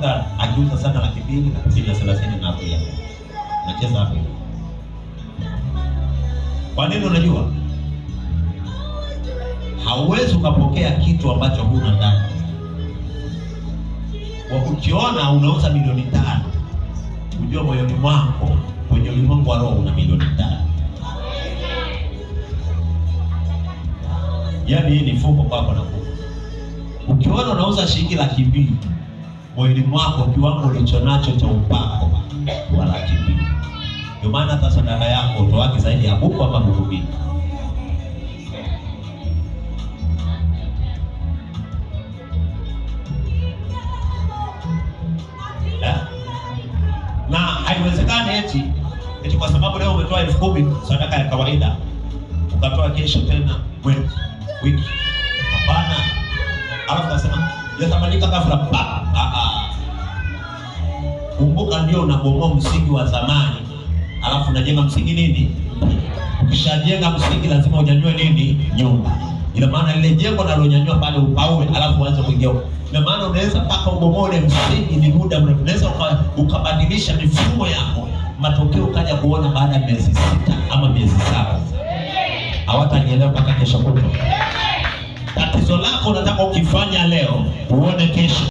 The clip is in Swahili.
Anaondoka akiuza sana laki mbili na hamsini na thelathini na hapo Nacheza hapo. Kwa nini unajua? Hauwezi ukapokea kitu ambacho huna ndani. Ukiona unauza milioni tano, ujua moyoni mwako kwenye ulimwengu wa roho una milioni tano. Yaani hii ni fumbo kwako na kuku. Ukiona unauza shilingi laki mbili mwili mwako kiwango ulicho nacho cha upako wanakipima. Ndio maana hata sadaka yako utoake zaidi ya huko ama buku eh? Na haiwezekani eti eti kwa sababu leo umetoa elfu kumi sadaka ya kawaida ukatoa kesho tena wiki. Hapana. Alafu nasema yatamanika ghafla. Kumbuka ndio unabomoa msingi wa zamani, alafu unajenga msingi nini? Ukishajenga msingi lazima unyanyue nini? Nyumba. Ina maana lile jengo nalonyanyua pale upaue, alafu uanze kuingia. Ina maana unaweza paka ule msingi, ni muda mrefu. Unaweza ukabadilisha mifumo yako, matokeo ukaja kuona baada ya miezi sita ama miezi saba. Hawatanielewa mpaka kesho kutwa. Tatizo lako unataka ukifanya leo uone kesho.